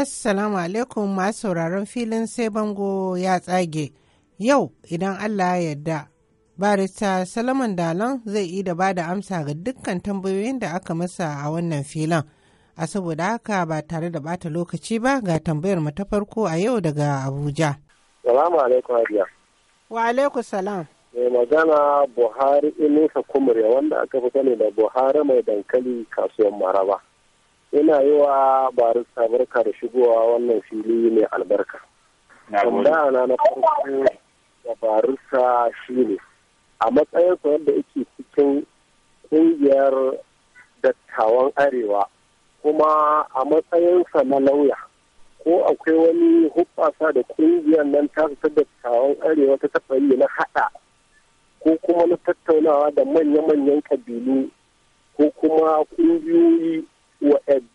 Assalamu alaikum masu sauraron filin sai bango ya tsage. Yau idan Allah ya yarda, barista Salaman Dalon zai yi da bada amsa ga dukkan tambayoyin da aka masa a wannan filin. A saboda haka ba tare da bata lokaci ba ga tambayar ta farko a yau daga Abuja. Salamu alaikum Hadiya. Wa alaikum salam. Mai magana Buhari Inusa Kumure wanda aka fi sani da Buhari mai dankali kasuwan Maraba. ina yi wa barista barka da shigowa wannan fili mai albarka tambaya na na farko da barista shi ne a matsayin sa wanda yake cikin ƙungiyar dattawan arewa kuma a matsayinsa na lauya ko akwai wani hubbasa da ƙungiyar nan ta ta dattawan arewa ta taɓa yi na haɗa ko kuma na tattaunawa da manya-manyan ƙabilu ko kuma ƙungiyoyi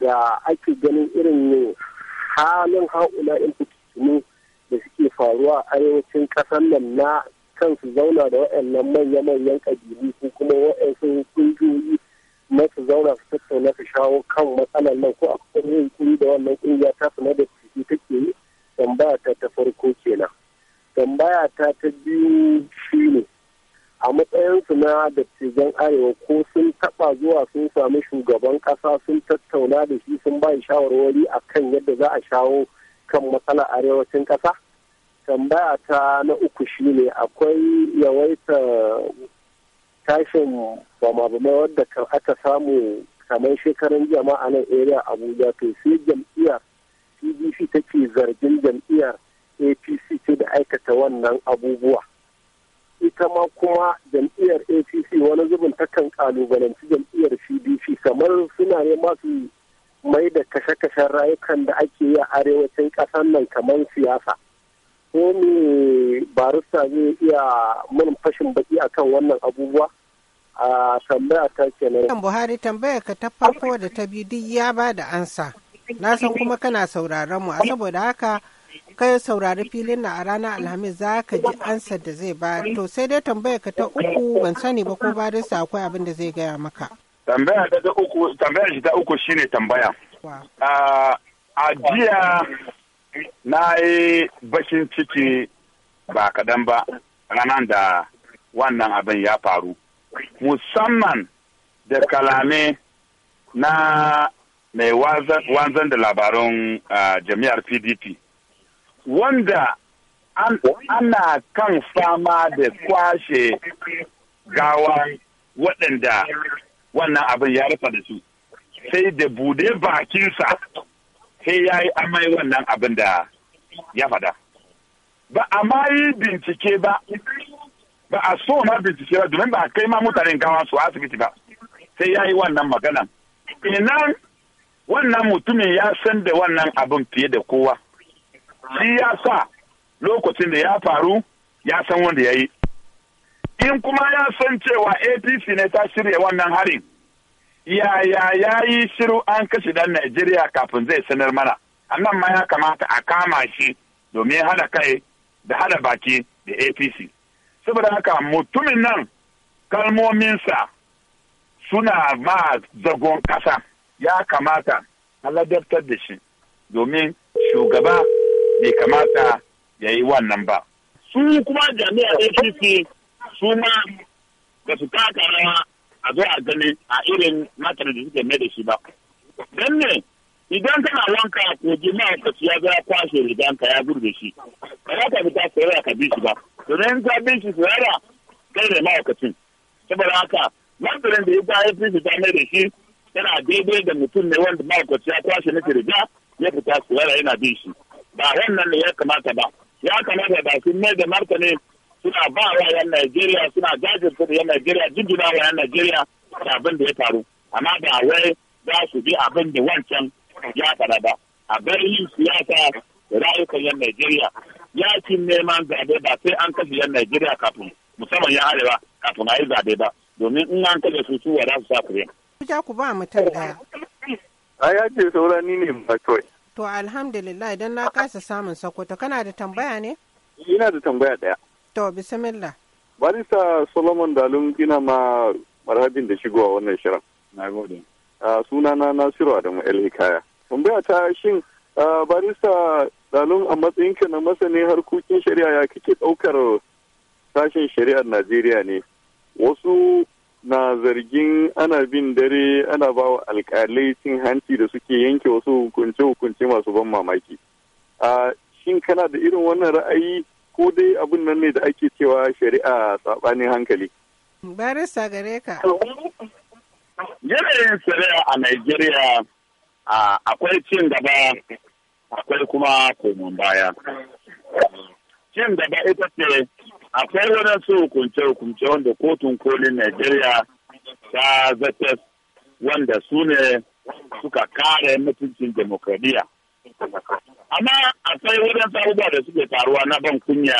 da ake ganin irin ne halin haula in fitinu da suke faruwa a arewacin kasar nan na kansu zauna da waɗannan manya-manyan ƙabilu ko kuma waɗansu ƙungiyoyi na su zauna su tattauna su shawo kan matsalar nan ko a kusurin kuri da wannan ƙungiya ta su na da ciki take yi tambaya ta ta farko kenan tambaya ta ta biyu shi ne. a matsayinsu na dattijan arewa ko sun taba zuwa sun sami shugaban kasa sun tattauna da shi sun bayi shawarwari a kan yadda za a shawo kan matsalar arewacin kasa tambaya ta na uku shine akwai yawaita tashin bama-bama wadda aka samu kamar shekarun jama'a nan area abuja to sai jam'iyyar cdc take zargin jam'iyyar apc ce da aikata wannan abubuwa ita ma kuma jam'iyyar apc wani zubin ta kan kalubalanci jam'iyyar cdc kamar suna ne masu mai da kashe-kashen rayukan da ake yi a arewacin ƙasar nan kamar siyasa ko ne barista zai iya mun fashin baki akan wannan abubuwa a tambaya ta kenan buhari tambaya ka ta farko da ta biyu duk ya ba da ansa na san kuma kana sauraron mu a saboda haka ka saurari filin na a ranar alhamis za ka ji ansar da zai ba to sai dai tambaya ka ta uku ban sani ba ko ba sa akwai abin da zai gaya maka tambaya ta uku tambaya shi ta uku shine tambaya a jiya na yi bashin ciki ba kadan ba ranar da wannan abin ya faru musamman da kalame na mai wanzan da labarun jami'ar pdp wanda ana kan fama da kwashe gawa waɗanda wannan abin ya rufa da su sai da bude bakinsa sai ya yi amai wannan abin da ya fada ba a ma yi bincike ba ba a so ma bincike ba domin ba a kai ma mutanen gawa su asibiti ba sai ya yi wannan maganan inan wannan mutumin ya san da wannan abin fiye da kowa shi ya sa lokacin da ya faru ya san wanda ya yi in kuma ya san cewa apc ne ta shirya wannan harin yaya ya yi shiru an kashe dan najeriya kafin zai sanar mana annan ma ya kamata a kama shi domin hada kai da hada baki da apc saboda haka mutumin nan kalmominsa suna ma zagon kasa ya kamata a ladabtar da shi domin shugaba bai kamata ya yi wannan ba. Su kuma jami'ar APC su ma ba su taka rawa a zo a gani a irin matar da suke mai da shi ba. Don ne idan kana wanka ko jima'a ka ya za a kwashe riganka ya gurbe shi. Ba za ka fita tsirara ka bi shi ba. Domin ka bi shi tsirara kai da ma'aikacin. Saboda haka matarin da ya ta APC ta mai da shi yana daidai da mutum ne wanda ma'aikaci ya kwashe na riga ya fita tsirara yana bin shi. ba wannan ne ya kamata ba ya kamata ba sun mai da martani suna ba wa yan Najeriya suna jajirce da yan Najeriya jinjina wa yan Najeriya da abin da ya faru amma ba wai za su bi abin da wancan ya fara ba a yin siyasa da rayukan yan Najeriya ci neman zabe ba sai an kashe yan Najeriya kafin musamman ya arewa kafin a yi zabe ba domin in an kashe su su wa za su sa kuriya. Ku ja ku ba mutum ɗaya. Ai ce saurani ne ba kawai. To alhamdulillah idan na kasa samun Sokoto kana da tambaya ne? Ina da tambaya ɗaya. To bismillah. Barista Solomon Dalun ina ma marhabin da shigowa wannan shirin. Na gode. sunana Nasiru Adamu El Hikaya. Tambaya ta shin barista Dalun a matsayinka na masanin harkokin shari'a ya kake ɗaukar sashen shari'ar Najeriya ne. Wasu na zargin ana bin dare ana ba wa alkalai cin hanci da suke yanke wasu hukunce-hukunce masu ban mamaki. Shin kana da irin wannan ra'ayi ko dai abin nan ne da ake cewa shari'a saɓanin hankali? Barista gare ka. Yanayin shari'a a Najeriya akwai cin gaba akwai kuma komon baya. Cin gaba ita ce akwai waɗansu hukunce-hukunce wanda kotun kolin Najeriya ta zata wanda su ne suka kare mutuncin demokradiyya. Amma akwai waɗansu abubuwa da suke faruwa na ban kunya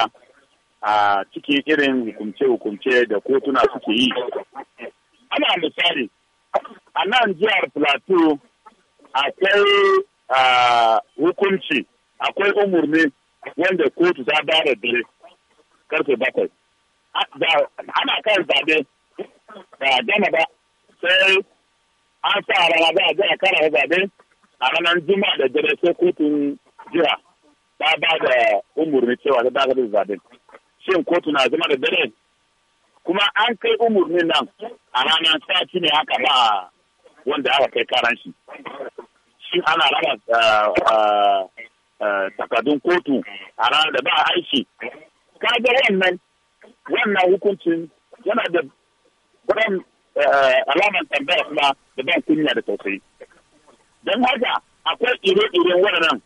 a cikin irin hukunce-hukunce da kotuna suke yi. Ana misali, a nan jihar Plateau akwai ah, hukunci, akwai umurni wanda kotu ta bada dare. karfe bakwai ana kan zabe da dama ba sai an sa rana za a kara a kara a ranar juma da jere sai kotun jira ta ba da umurni cewa ta dakatar da zabe shin kotu na zama da dare kuma an kai umurnin nan a ranar sati ne haka ba wanda aka kai karan shi shin ana raba eh, eh, eh, takardun kotu a ranar da ba aiki kaga wannan wannan hukuncin yana da ban alamar tambaya kuma da ban kunya da tausayi don haka akwai ire-iren waɗannan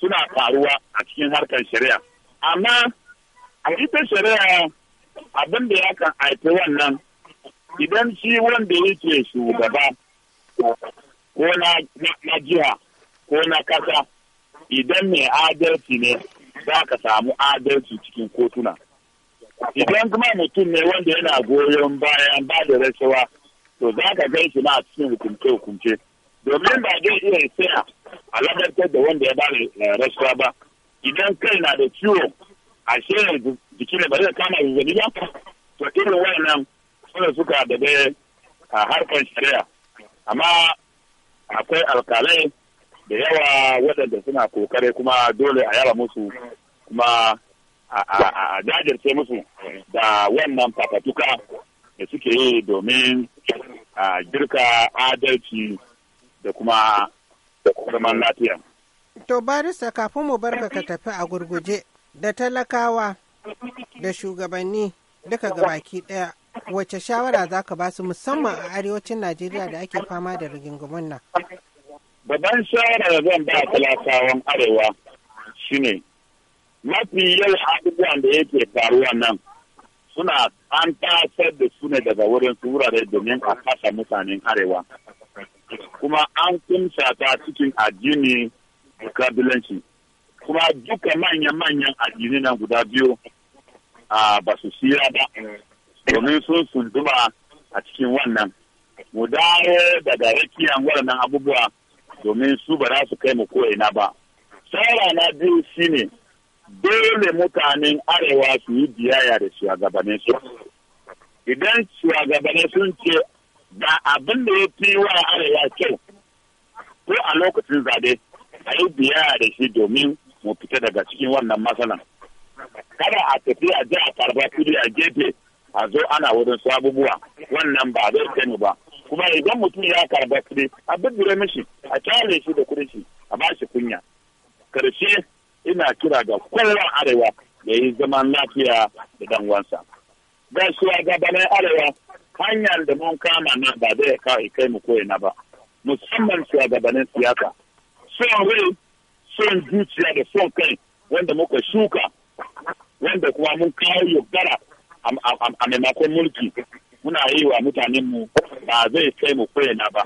suna faruwa a cikin harkar shari'a amma a ita shari'a abin da ya kan aiki wannan idan shi wanda ke shugaba ko na jiha ko na kasa idan mai adalci ne za ka samu adalci cikin kotuna. Idan kuma mutum ne wanda yana goyon bayan ba da rashawa, to za ka gan shi na cikin hukunce-hukunce. Domin ba zai iya tsaya a labartar da wanda ya ba da eh, rashawa ba. Idan kai na da ciwo, a yanzu jiki ne ba zai kama zazzabi ba. To irin wannan suna suka da a harkar shari'a. Amma akwai alkalai da yawa waɗanda suna kokare kuma dole a yaba musu kuma a jajirce musu da wannan fafatuka da suke yi domin a girka adalci da kuma zaman lafiya. To barista kafin mu barka ka tafi a gurguje da talakawa da shugabanni duka gabaki ɗaya wace shawara za ka ba su musamman a arewacin Najeriya da ake fama da rigingimun nan? babban shawara da zan ba talakawan arewa shine mafi yawan abubuwan da yake faruwa nan suna an tasar da su ne daga wurin su wurare domin a kasa mutanen arewa kuma an kumsa ta cikin addini kabilanci kuma duka manya-manyan addini nan guda biyu a ba su sira ba domin sun sunduma a cikin wannan mu dawo daga rakiyan waɗannan abubuwa domin su ba za su kai mu ina ba tsara na biyu ne dole mutanen arewa su yi biyayya da shugabannin su idan shugabannin sun ce ba abin da ya fi wa arewa kyau ko a lokacin zaɓe a yi biyayya da shi domin mu fita daga cikin wannan matsalan kada a tafi a je a karba kudi a gefe a zo ana wurin su abubuwa wannan ba zai kai ba kuma idan mutum ya karba kuɗi a bibbire mishi a kyale shi da kuɗin shi a ba shi kunya karshe ina kira ga kowa arewa da yi zaman lafiya da dan wansa gaisuwa gabanin arewa hanyar da mun kama nan ba zai kawai kai mu koyina ba musamman shugabannin siyasa son rai son zuciya da son kai wanda muka shuka wanda kuma mun kawo yaudara a maimakon mulki muna yi wa mutanen mu ba zai kai mu na ba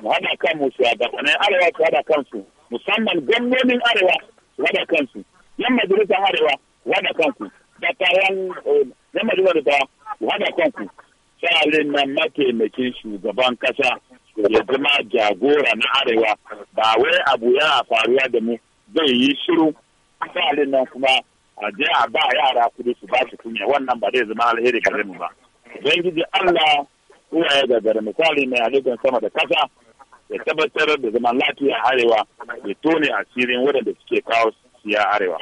mu hada kan mu su hada arewa su hada kansu musamman gwamnonin arewa su hada kansu yan majalisar arewa su hada kanku dattawan eh, yan majalisar da su hada kanku sa'alin nan mataimakin shugaban kasa ya zama jagora na arewa ba wai abu ya faruwa da mu zai yi shiru sai nan kuma a je a ba yara kudi su ba su kunya wannan ba zai zama alheri gare mu ba. ubangiji Allah uwaye da gari misali mai halittar sama da kasa ya tabbatar da zaman lafiya arewa ya tone asirin waɗanda suke kawo siya arewa.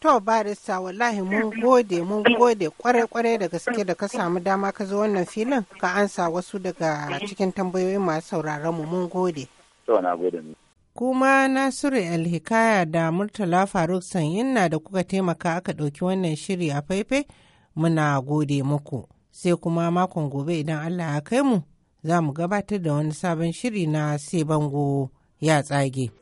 To barista wallahi mun gode mun gode kwarai kwarai da gaske da ka samu dama ka zo wannan filin ka ansa wasu daga cikin tambayoyin masu sauraron mu mun gode. To na gode Kuma Nasiru Alhikaya da Murtala Faruk Sanyin na da kuka taimaka aka ɗauki wannan shiri a faifai muna gode muku. sai kuma makon gobe idan Allah ya kai mu za mu gabatar da wani sabon shiri na sai bango ya tsage.